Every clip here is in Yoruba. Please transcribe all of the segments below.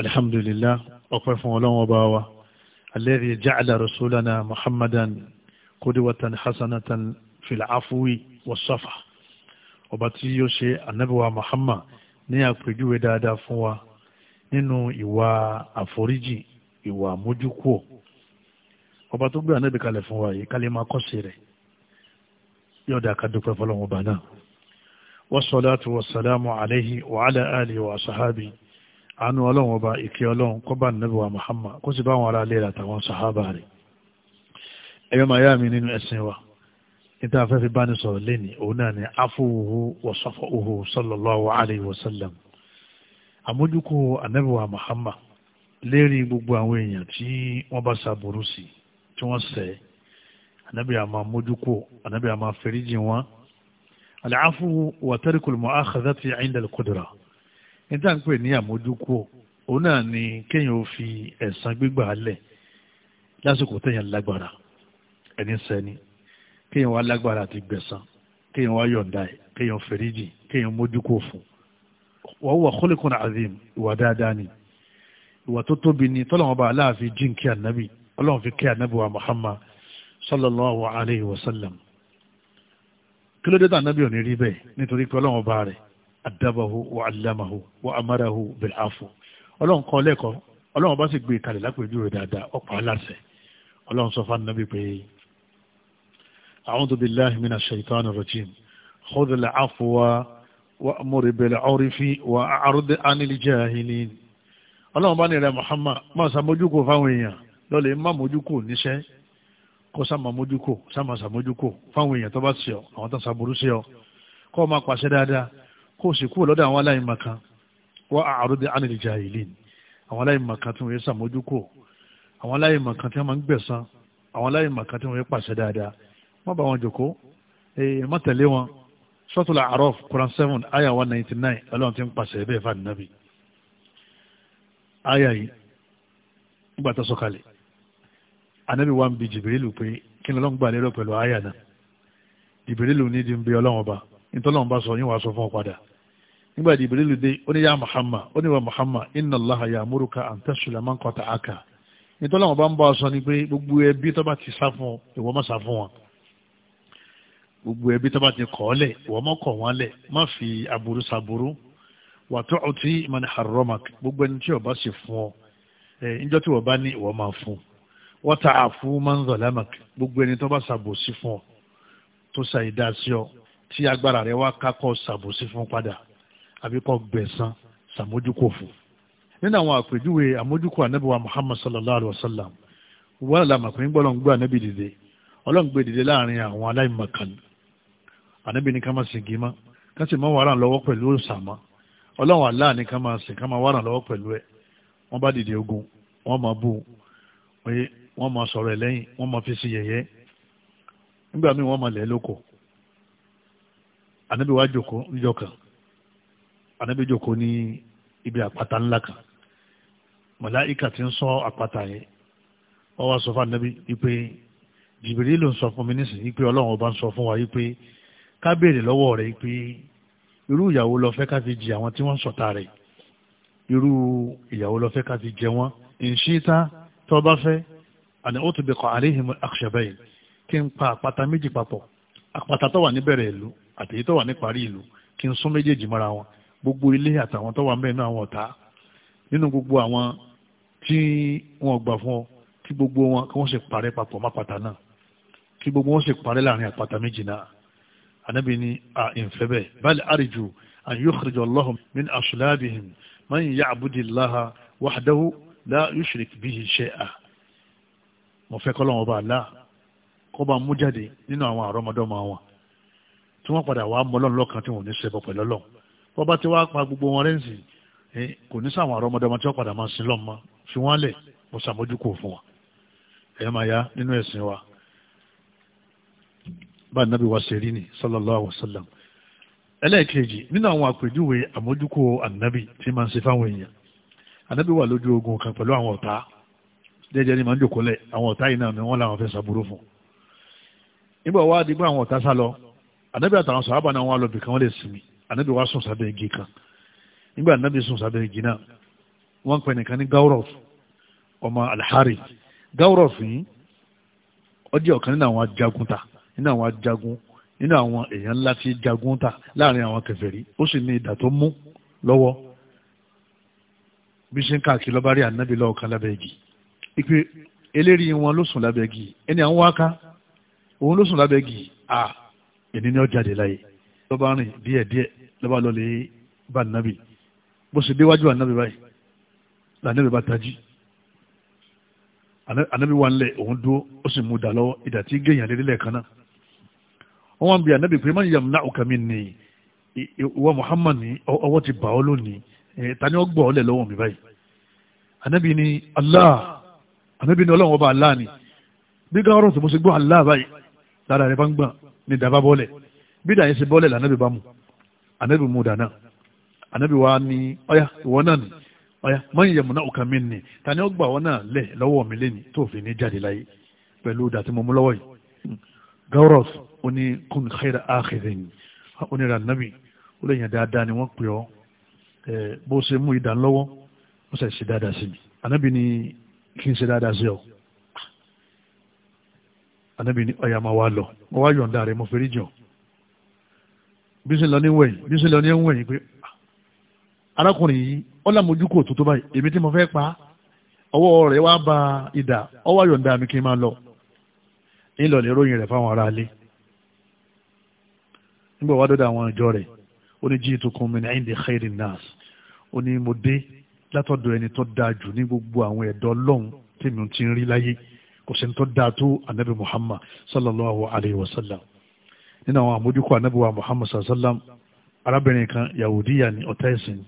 alhamdulillah ọpẹ́ fún ọlọ́wọ́ bá wa alladhi ja'ala rasulana muhammadan kudwatan hasanatan fil afuwi wasafa ọba tí yóò ṣe anabiwa muhammad ní àpèjúwe dáadáa fún wa nínú ìwà àforíjì ìwà mójúkúò ọba tó gbé anabi kalẹ̀ fún wa yìí kálí máa kọ́sí rẹ̀ yóò dá ká dúpẹ́ fọlọ́wọ́ alayhi wa ala alihi wa sahabihi àánú ọlọ́run ọba ìkẹ́ ọlọ́run kọ́bà nẹ́bùwà Muhammad kó sì bá wọn ará ilé àtàwọn sàhábà rẹ̀ ẹ̀yọ́ màá yá mi nínú ẹ̀sìn wa níta afẹ́ fi bá ní sọ̀rọ̀ lẹ́ni òun náà ni afúwòwò wọ̀sọ́fọ̀ òhò sallallahu alayhi wa sallam àmójúkò anẹ́bùwà Muhammad lérí gbogbo àwọn èèyàn tí wọ́n bá sàbòrú sí tí wọ́n ṣẹ̀ ànábì àmà mójúkò níta ń pè ní àmójúkú òun náà ni kéèyàn ó fi ẹ̀san gbígbà lẹ̀ lásìkò téèyàn lágbára ẹni sẹ́ni kéèyàn wá lágbára àti gbẹ̀san kéèyàn wá yọ̀ǹda ẹ̀ kéèyàn fẹ̀ríjì kéèyàn mójúkú fún wa huwa khuluqun azim ìwà dáadáa ni ìwà tó tóbi ni tọ́lọ́wọ́n bá aláàfin jíǹkí ànábì ọlọ́run fi kí ànábì wa Muhammad sallallahu alayhi wa sallam kí ló dé ò ní rí bẹ́ẹ̀ nítorí pé ọlọ́run bá rẹ̀ adabahu wa alamahu wa amarahu bil afu ọlọ́run kan lẹ́kọ̀ọ́ ọlọ́run bá sì gbé kalẹ̀ lápẹ̀jú rẹ̀ dáadáa ọ̀pọ̀ aláṣẹ ọlọ́run sọ fún anábì pé a'udhu billahi minash shaitani rajim khudhil afwa wa'mur bil urfi wa'rid 'anil jahilin ọlọ́run bá ní rẹ̀ Muhammad máa sàmójúkò fáwọn èèyàn lọ́lẹ̀ má mójúkò níṣẹ́ kó sàmà mójúkò sàmà sàmójúkò fáwọn èèyàn tó bá sí àwọn tó sàbúrú sí ọ máa pàṣẹ dáadáa kó o sì kúrò lọ́dọ̀ àwọn aláìmọ̀kan wọ́n àròdì anil jahilin àwọn aláìmọ̀kan tí wọ́n yẹ sàmójúkò àwọn aláìmọ̀kan tí wọ́n máa ń gbẹ̀san àwọn aláìmọ̀kan tí wọ́n yẹ pàṣẹ dáadáa má bá wọn jòkó má tẹ̀lé wọn suratul A'raf Quran seven aya one ninety nine ọlọ́run ti ń pàṣẹ bẹ́ẹ̀ fà nàbì aya yìí nígbà tó sọ̀kalẹ̀ anabi wa ń bi jìbìrìlù pé kí ni ọlọ́run gbà lérò pẹ̀lú aya náà jìbìrìlù ní di ń bi ọlọ́run ọba nítorí ọlọ́run bá sọ yín wàá sọ fún ọ padà nígbà Jibrilu dé ó ní yá Muhammad ó ní wa Muhammad inna Allaha ya'muruka an tasila man qata'aka nítorí àwọn bá ń bá ọ sọ ni pé gbogbo ẹbí tó bá ti sá fún ìwọ má sá fún wọn gbogbo ẹbí tó ti kọ̀ ọ́ lẹ̀ ìwọ má kọ̀ wọ́n lẹ̀ má fi aburú saburú wà tó ọtí man harramak gbogbo ẹni tí ọba sì fún ọ ẹ níjọ́ tí wọ́n bá ní ìwọ máa fún wọ́n ta àfú man gbogbo ẹni tó sàbòsí fún ọ tó ṣàìdá sí ọ tí agbára rẹ wá kákọ́ sàbòsí fún padà àbí kọ́ gbẹ̀san sàmójúkò fún nínú àwọn àpèjúwe àmójúkò ànábì wa muhammad sallallahu alayhi wa sallam wọ́n là màkùnrin gbọ́ lọ́n gbé ànábì dìde ọlọ́n gbé dìde láàrin àwọn aláìmọ̀kan ànábì ní ká máa sìn gímá ká sì máa wàrà lọ́wọ́ pẹ̀lú òsàmá ọlọ́run àlá ní ká máa sìn ká máa wàrà lọ́wọ́ pẹ̀lú ẹ̀ wọ́n bá dìde ogun wọ́n máa bú wọ́n máa sọ̀rọ̀ ẹ̀ wọ́n máa fi sí yẹ̀yẹ́ nígbà míì wọ́n máa lẹ̀ lóko ànábì wá jòkó níjọ́ kan anábì jókòó ní ibi àpáta ńlá kan màláìka ti ń sọ àpáta yẹn ó wá sọ fún anábì wípé jìbìrì ló ń sọ fún mi nísìnyí wípé ọlọ́run ọba ń sọ fún wa wípé ká béèrè lọ́wọ́ rẹ̀ wípé irú ìyàwó ló fẹ́ ká fi jì àwọn tí wọ́n ń ṣọ̀tá rẹ̀ irú ìyàwó ló fẹ́ ká fi jẹ wọ́n ìṣíta tó bá fẹ́ àní ó tún bẹ kọ́ àríhìn àṣẹbẹ́yìn kí n pa àpáta méjì papọ̀ àpáta tó wà níbẹ̀rẹ̀ ìlú àtèyí tó wà níparí ìlú kí n sún méjèèjì mọ́ra wọn gbogbo ilé àtàwọn tó wà mẹ́rin náà àwọn ọ̀tá nínú gbogbo àwọn tí wọ́n gbà fún ọ kí gbogbo wọn kí wọ́n sì parẹ́ papọ̀ má pàtà náà kí gbogbo wọn sì parẹ́ láàrin àpàtà méjì náà anabi ni a ìfẹ́ bẹ́ẹ̀ báyìí àrìjù an yukhrij Allahu min aslabihim man ya'budillaha wahdahu la yushrik bihi shay'a mo fẹ́ kọ́ lọ́wọ́ bá a la kọ́ bá mú jáde nínú àwọn àrọ́mọdọ́mọ wọn tí wọ́n padà wàá mọ́ lọ́nlọ́kan tí wọ́n ní sẹ́bọ̀ pẹ̀lú wọ́n bá ti wá pa gbogbo wọn rẹ́ǹsì kò ní sáwọn àrọ́ ọmọdé ọmọ tí wọ́n padà máa sin lọ́mọ fi wọ́n lẹ̀ mo ṣàmójúkò fún wa ẹ̀ máa ya nínú ẹ̀sìn wa bá nàbí wa ṣe rí ni sallallahu alaihi wasallam ẹlẹ́ẹ̀kejì nínú àwọn àpèjúwe àmójúkò ànábì tí máa ń ṣe fáwọn èèyàn ànábì wà lójú ogun kan pẹ̀lú àwọn ọ̀tá jẹ́jẹ́ ni máa ń jòkólẹ̀ àwọn ọ̀tá yìí náà ni wọ́n làwọn fẹ́ sàbúrò fún nígbà wá dìgbà àwọn ọ̀tá sá lọ ànábì àtàwọn sàhábà náà wọ́n wọ́n lè sinmi anabi wa sùn sábẹ́ igi kan nígbà anabi sùn sábẹ́ igi náà wọ́n pè nìkan ní gawrof ọmọ alhari gawrof yìí ó jẹ́ ọ̀kan nínú àwọn ajagun ta nínú àwọn ajagun nínú àwọn èèyàn ńlá tí jagun ta láàrin àwọn kèfèrí ó sì ní ìdà tó mú lọ́wọ́ bí ṣe ń káàkiri lọ́ba rí ànábì lọ́ọ̀kan lábẹ́ igi ipe eléri wọn ló sùn lábẹ́ igi ẹni àwọn wáká òun ló sùn lábẹ́ igi à ènìyàn jáde láyé ló bá rìn díẹ̀díẹ̀ ló bá lọlé bá nàbì bó ṣe déwájú ànábì báyìí lànàbì bá tají ànábì wà nílẹ̀ òun dúró ó sì mú dà lọ́wọ́ ìdà tí géèyàn lé nílẹ̀ kan náà wọ́n wá ń bi ànábì pé má yàm náà òkà mi nì Muhammad ní ọwọ́ ti bà ọ́ lónìí ta ni ó gbọ́ ọ́ lẹ̀ lọ́wọ́ mi báyìí ànábì ní Allah ànábì ni ọlọ́run ọba Allah ni bí gáwọ́rọ̀ tó mo ṣe gbọ́ Allah báyìí lára rẹ̀ bá ń gbà ní dàbá bọ́ọ̀lẹ̀ bídà yẹn ṣe bọ́lẹ̀ lànàbì bá mu ànàbì mu dànà ànàbì wa ní ọ̀yà ìwọ náà ní ọ̀yà mọ́yìn yẹ̀mú náà òkà mi nì tani ó gbà wọn náà lẹ̀ lọ́wọ́ mi lẹ́ni tó fi ní jáde láyé pẹ̀lú dàtí mo mú lọ́wọ́ yìí gauros ó ní kún xeyra áxìrìn ó ní rànàbì ó lè yàn dáadáa ni wọ́n pè ọ́ bó ṣe mú ìdánlọ́wọ́ ó sì ṣe dáadáa sí mi ànàbì ni kí n ṣe dáadáa sí ọ ànàbì ni ọ̀yà máa wá lọ mo wá yọ̀ǹda rẹ̀ mo fẹ́rí jọ̀ bí sí lọ ní wẹ̀yìn bí sí lọ ní wẹ̀yìn pé ah, arákùnrin yìí ó lámojú kò tó tó báyìí èmi tí mo fẹ́ pa ọwọ́ rẹ̀ wá ba ìdà ọwọ́ yọ̀ǹda mi kí n máa lọ ńlọlẹ̀ ròyìn rẹ̀ fáwọn ará ilé nígbà wá dọ́dọ̀ àwọn ìjọ rẹ̀ ó ní jíì tó mi ní àyíǹde xeyìrì nas ó ní mo dé látọ̀dọ̀ ẹni tó da jù ní gbogbo àwọn ẹ̀dọ́ lọ́hùn tèmi ti ń rí láyé kò sí ní tó dáa tó anabi muhammad sallallahu alayhi wa sallam nínú àwọn àmójúkọ anábíwá muhammad sallam arábìnrin kan yahudiya ní ọ̀tá ẹ̀sìn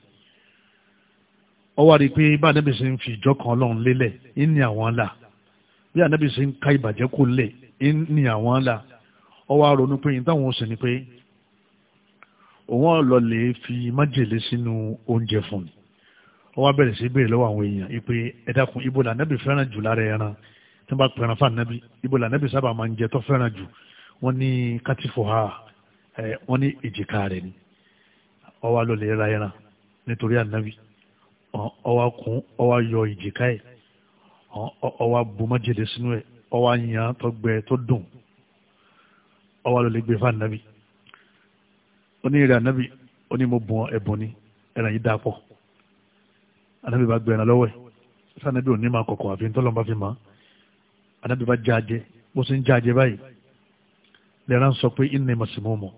ọ wá rí i pé bá anábì sí ń fi ìjọ kan ọlọ́run lélẹ̀ ń ní àwọn là bí anábì sí ń ka ìbàjẹ́ kò lẹ̀ ń ní àwọn là ọ wá ronú pé yín táwọn sì ni pé òun ọ̀lọ́lẹ̀ fi májèlé sínú oúnjẹ fún ni ọ wá bẹ̀rẹ̀ sí béèrè lọ́wọ́ àwọn èèyàn pé ẹ dákun ibo fẹ́ràn jù lára ẹran tí wọ́n bá pẹ̀ràn fún anábì ibo sábà máa ń jẹ tó fẹ́ràn jù wọ́n ní katifuha wọ́n ní èjìká rẹ̀ ni ọwọ́ alọ́lẹ̀ ra ẹran nítorí ànábì ọwọ́ kún ọwọ́ yọ èjìká ẹ̀ ọwọ́ bùmọ́jẹ̀dẹ̀ sínú ẹ̀ ọwọ́ yàn tó gbẹ tó dùn ọwọ́ alọ́lẹ̀ gbé fún ànábì onírẹ̀ ànábì ó ní mo bùn ẹ̀bùn ni ẹran yìí dáa pọ̀ ànábì bá gbẹ ẹran lọ́wọ́ ẹ̀ sanabi ò ní máa kọ̀kọ̀ àfi ntọ́lọ́mọba fi máa ànábì bá jáde bó ṣe ń jáde báyìí lẹ́ran sọ pé inú màsímọ́mọ́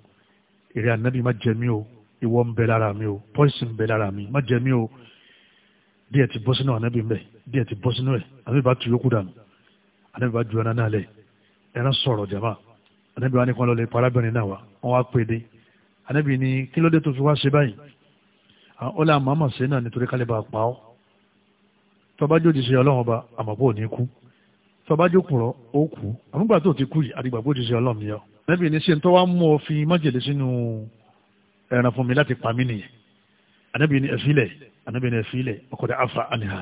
èrè ànábì má jẹ mí o ìwọ ń bẹ lára mi o pọ́ìsì ń bẹ lára mi má jẹ mí o díẹ̀ ti bọ́ sínú ànábì ń bẹ̀ díẹ̀ ti bọ́ sínú ẹ̀ ànábì bá tu yókù dànù ànábì bá ju ẹran náà lẹ̀ ẹran sọ̀rọ̀ jama ànábì wa ní kan lọ lè parábìnrin náà wa wọ́n wá pè dé ànábì ní kí ló dé tó fi wá ṣe báyìí ah, ó lè àmàmà ṣe náà nítorí kálí bá pa ọ́ tọ́ba jó jìṣẹ́ ọlọ́run ọba àmọ́ bó níbi ní sèǹtọ́ wa mú ọ fi májèlé sínú ẹran fún mi láti pa mí nìyẹn ànábì ní ẹ̀fílẹ̀ ànábì ní ẹ̀fílẹ̀ ọkọ̀ dẹ̀ afa àníhà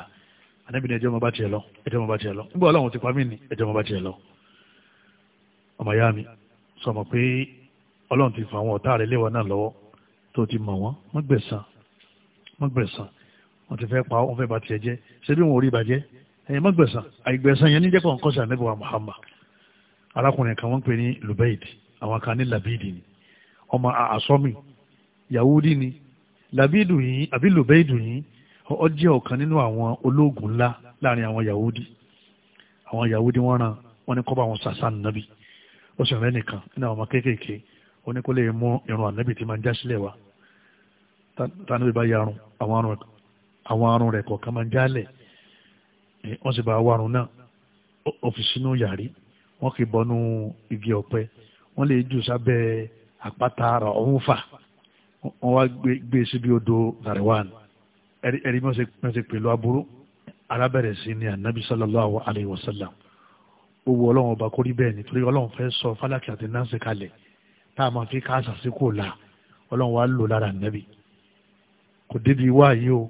ànábì ní ẹjọ́ ọmọ bá tiẹ̀ lọ ẹjọ́ ọmọ bá tiẹ̀ lọ nígbà ọlọ́run ti pa mí ní ẹjọ́ ọmọ bá tiẹ̀ lọ ọmọ ya mi sọ ma pé ọlọ́run ti fa àwọn ọ̀tá rẹ̀ léwa náà lọ́wọ́ tó ti mọ̀ wọ́n wọ́n gbẹ̀sán wọ́n gbẹ̀sán wọ́n ti fẹ́ pa wọ́n fẹ́ bá tiẹ̀ jẹ́ ṣé arákùnrin kan wọ́n pè ní lubaid àwọn kan ní labidi ni ọmọ àsọ́mì yahudi ni labidu yìí àbí lubaidu yìí ó jẹ́ ọ̀kan nínú àwọn ológun ńlá láàrin àwọn yahudi àwọn yahudi wọ́n ràn wọ́n ní kọ́ bá wọn sàṣà nàbí ó sì rẹ́ nìkan nínú àwọn ọmọ kéékèèké ó ní kó lè mú irun ànábì tí máa ń já sílẹ̀ wá tánú bá yarun àwọn arun rẹ̀ kọ̀ọ̀kan máa ń jálẹ̀ wọ́n sì bá warun náà ó fi sínú yàrí wọ́n kì í bọnú igi ọ̀pẹ wọ́n lè jù sábẹ́ àpáta ara ọ̀hún fà wọ́n wá gbé síbi odò Zarwan ẹ̀rí mọ́ ṣe pẹ̀lú aburú arábẹ̀rẹ̀ sí ni anabi sallallahu alayhi wa sallam ó wo ọlọ́run ọba kórí bẹ́ẹ̀ nítorí ọlọ́run fẹ́ sọ fálákì àti nánsì kalẹ̀ tá a máa fi káàsà sí kò la ọlọ́run wa lò lára anabi kò débi wáyé o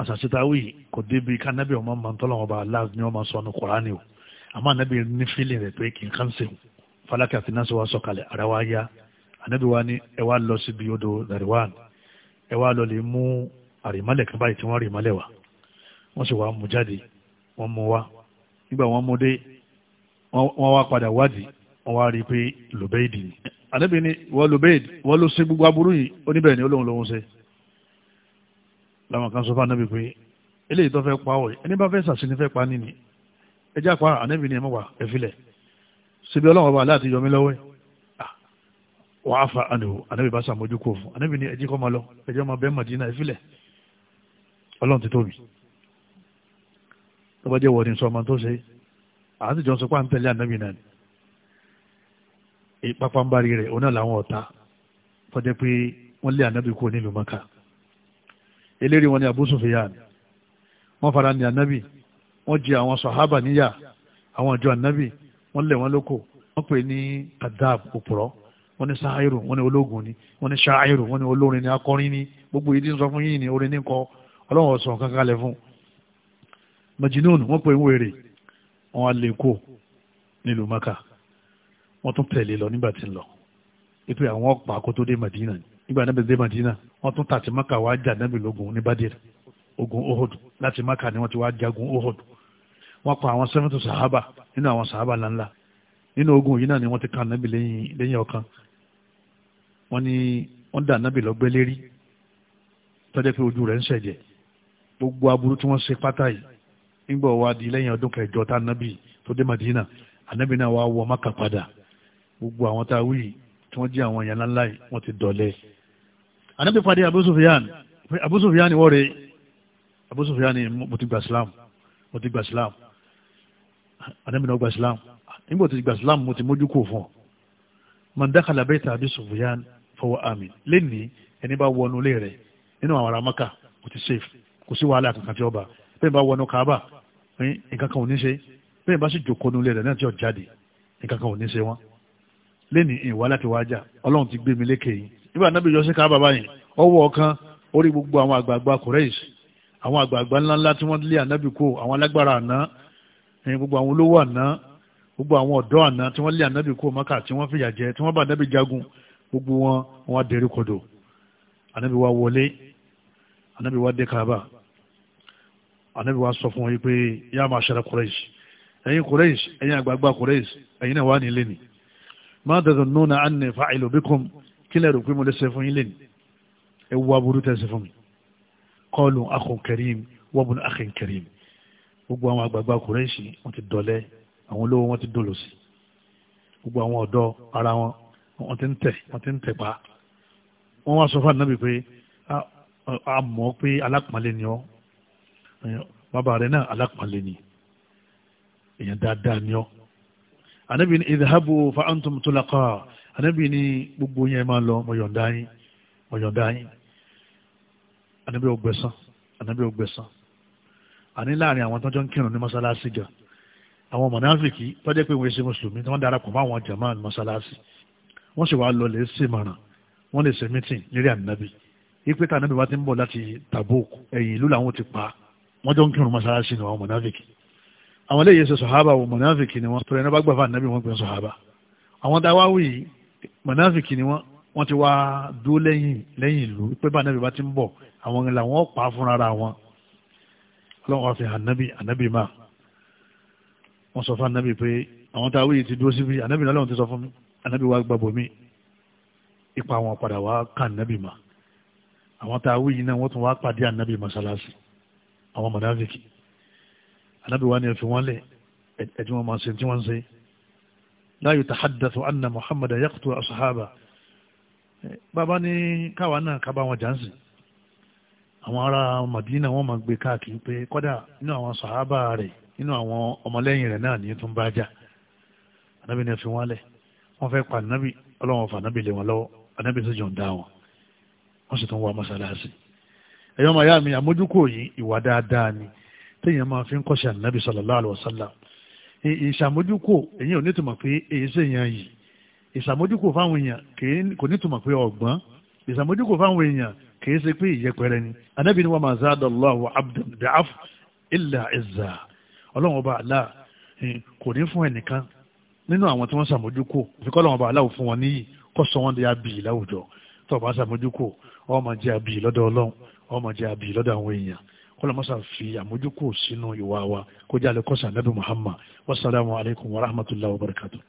àṣàṣetáwì kò débi kánábì ọmọ màtọ́lọ́run ọba aláàfin ọmọ sọnù kùránì o àmọ́ ànábì ni fílẹ̀ rẹ̀ pé kì í kàn sẹ́wọ̀n falaki àti nasi wa sọ̀kalẹ̀ ara wa ya ànábì wa ní ẹ wá lọ síbi odò dariwan ẹ wá lọ lè mú àrìmálẹ̀ kan báyìí tí wọ́n rìmálẹ̀ wa wọ́n sì wá mú jáde wọ́n mú wá nígbà wọ́n mú dé wọ́n wá padà wádìí wọ́n wá rí i pé lùbẹ́ẹ̀dì ni ànábì ní wọ́n lùbẹ́ẹ̀dì wọ́n ló ṣe gbogbo aburú yìí oníbẹ̀rẹ̀ ni olóhùn lòún ṣe làwọn kan sọ fún ànábì pé eléyìí tó fẹ́ pa ọ̀ ẹni bá fẹ́ sàṣìní fẹ́ pa nínú ẹjẹ́ àpárá ànẹ́bì ni ẹ mọ́wàá ẹ̀fílẹ̀ síbi ọlọ́run ọba aláàtí yọmí lọ́wọ́ ah, wọ́n á fa ànìwò ànẹ́bì bá sàmójú kò fún ànẹ́bì ni ẹjẹ́ kọ́ máa lọ ẹjẹ́ máa bẹ́ẹ̀ màdínà ẹ̀fílẹ̀ ọlọ́run ti tóbi tó bá jẹ́ wọ́ọ̀dì sọ ọmọ tó ṣe àti jọ sọ ń tẹ̀lé ànẹ́bì náà ni pápánbárí rẹ̀ òun náà làwọn ọ̀tá tọ́jẹ́ pé wọ́n lé ànẹ́bì kúrò nílùú mọ́ká eléèrè wọn ni Abu Sufyan wọ́n fara ní ànẹ́bì wọ́n jẹ àwọn sàhábà níyà àwọn ìjọ ànábì wọ́n lẹ̀ wọ́n lóko wọ́n pè ní adab òpùrọ́ wọ́n ní sáàírù wọ́n ní ológun ni wọ́n ní sáàírù wọ́n ní olórin ni akọrin ni gbogbo ìdí ń sọ fún yìí ni orin ní kọ ọlọ́run ọ̀sán kankan lẹ̀ fún majinun wọ́n pè ń wèrè wọ́n á lè kó nílùú maka wọ́n tún tẹ̀lé lọ nígbà tí ń lọ ipe àwọn ọ̀pá kó tó dé madina nígbà náà bẹ̀ dé madina wọ́n tún tàtí maka wá jà nábì lógun ní bàdìrì ogun ohud láti maka ni wọ́n ti wá jagun ohud wọ́n pa àwọn sẹ́fẹ̀tù sàhábà nínú àwọn sàhábà ńláńlá nínú ogun yìí náà ni wọ́n ti ká nábì lẹ́yìn ọ̀kan wọ́n ní wọ́n dà nábì lọ́gbẹ́ lérí tọ́jẹ́ pé ojú rẹ̀ ń ṣẹ̀jẹ̀ gbogbo aburú tí wọ́n ṣe pátá yìí nígbà wá di lẹ́yìn ọdún kẹjọ tá nábì tó dé Madina ànábì náà wá wọ maka padà gbogbo àwọn tá a wí tí wọ́n jẹ́ àwọn èèyàn ńláńlá yìí wọ́n ti dọ̀lẹ́ ànábì padì Abu Sufyan Abu wọ́n rèé Abu Sufyan ni mo ti gba Islam mo ti gba Islam anabi náà gba Islam nígbà tí gba Islam mo ti mójú kò fún ọ man dakhala bayta Abi Sufyan fahuwa amin lẹ́ni ẹni bá wọnú ilé rẹ̀ nínú àwọn ará Maka kò ti safe kò sí wàhálà kankan tí ọba bẹ́ẹ̀ bá wọnú Kaaba eh, nǹkan kan ò ní ṣe bẹ́ẹ̀ bá sì jòkó nílé rẹ̀ náà tí ò jáde nǹkan kan ò ní ṣe wọ́n lẹ́ni ìwà láti wájà ọlọ́run ti gbé mi lékè yìí nígbà náà Kaaba báyìí ọwọ́ ọ̀kan orí gbogbo àwọn àgbààgbà Quraysh àwọn àgbààgbà ńláńlá tí wọ́n lé ànábì kó àwọn alágbára àná ẹ̀yìn gbogbo àwọn olówó àná gbogbo àwọn ọ̀dọ́ àná tí wọ́n lé ànábì kó mọ́kà tí wọ́n fìyà jẹ tí wọ́n bá ànábì jagun gbogbo wọn wọn dẹ̀rí kodò ànábì wa wọlé ànábì wa dé kaaba ànábì wa sọ fún wọn yìí pé yá máa ṣẹlẹ̀ kúrẹ́ṣì ẹ̀yin kúrẹ́ṣì ẹ̀yin àgbààgbà kúrẹ́ṣì ẹ̀yin náà wà ní ilé ni máa dẹ̀dọ̀ nùnà ànẹ̀ fáìlì òbí kùn kílẹ̀ rò pé mo lè ṣe fún yín lé ẹ wú aburú tẹ̀sí fún mi kọlu akhun karim wọ́bùn akhin karim gbogbo àwọn àgbààgbà kùrẹ́ṣì wọ́n ti dọ̀lẹ́ àwọn olówó wọ́n ti dòlò sí gbogbo àwọn ọ̀dọ́ ara wọn wọ́n ti ń tẹ̀ wọ́n ti ń tẹ̀ pa wọ́n wá sọ fún ànábì pé a mọ̀ pé alápọ̀nlé ni ọ́ bàbá rẹ̀ náà alápọ̀nlé ni èèyàn dáadáa ni ọ́ ànábì ni ìdáhàbò fa tulaqa ànábì ni gbogbo yẹn máa lọ mọ̀yọ̀ndá yín mọ̀yọ̀ndá yín ànábì ògbẹ̀sán ànábì ògbẹ̀sán àní láàrin àwọn tó jọ ń kírun ní mọ́sálásí jọ àwọn mọ̀náfìkì tó jẹ́ pé wọ́n ṣe mùsùlùmí tí wọ́n darapọ̀ mọ́ àwọn jàmáà ní mọ́sálásí wọ́n sì wá lọ lè ṣe ìmọ̀ràn wọ́n lè ṣe mítìn lérí ànábì ipe tá ànábì wa ti ń bọ̀ láti Tabuk ẹ̀yìn ìlú làwọn ti pa wọ́n jọ ń kírun mọ́sálásí ní àwọn mọ̀náfìkì àwọn eléyìí ṣe sọ̀hábà wò mọ̀náfìkì ni wọ́n tó wọ́n ti wá dúró lẹ́yìn lẹ́yìn ìlú pé bá anábì bá ti ń bọ̀ àwọn ìlà wọn pa fúnra ara wọn ọlọ́run wá anábì anábì máa wọ́n sọ fún anábì pé àwọn tá a wíyì ti dúró síbi anábì náà lọ́run ti sọ fún mi anábì wá gbàgbọ́ mi ipa wọn padà wá ká anábì máa àwọn tá a wíyì náà wọ́n tún wá pàdé anábì mọ́sálásì àwọn mọ̀nàfíkì anábì wá ní ẹ̀fìn wọn lẹ̀ ẹ̀dí wọn máa ṣe tí wọ́n ń ṣe láyò tàhádàtò anna muhammad yaqtu asahaba bàbá ní káwa náà ká bá wọn jáǹsì àwọn ará Madina wọn máa gbé káàkiri pé kọ́dà nínú àwọn sàhábà rẹ̀ nínú àwọn ọmọlẹ́yìn rẹ̀ náà ní tó ń bá jà ànábì ní fi wọ́n lẹ̀ wọ́n fẹ́ pa ànábì ọlọ́wọ́n fà ànábì lé wọn lọ́wọ́ ànábì sì jọ̀ ń dá wọn wọ́n sì tún wá mọ́sálásì ẹ̀yọ́ máa yá mi àmójúkò yìí ìwà dáadáa ni téèyàn máa fi ń kọ́ṣẹ́ ànábì sallallahu alaihi wasallam ìṣàmójúkò èyí ò ní tìmọ̀ pé èyí sèyàn yìí ìsàmójúkò fáwọn èèyàn kò ní túmọ̀ pé ọ̀gbọ́n ìsàmójúkò fáwọn èèyàn kìí ṣe pé ìyẹpẹrẹ ni anábì ni wọ́n máa zádọ́láwọ̀ abdul da'af illa izza ọlọ́run ọba àlá eh, kò ní fún ẹnìkan nínú àwọn tí wọ́n ṣàmójúkò ìfikọ́ ọlọ́run ọba àlá ò fún wọn níyì kó sọ wọ́n di abì láwùjọ tó bá ṣàmójúkò ó máa jẹ́ abì lọ́dọ̀ ọlọ́run ó máa jẹ́ abì lọ́dọ̀ àwọn èèyàn kọlọmọsà fi àmójúkò sínú ìwà wa kó jálẹ̀ kọ́sà nàbì muhammad wasalaamu alaykum wa rahmatulahi wa barakatu.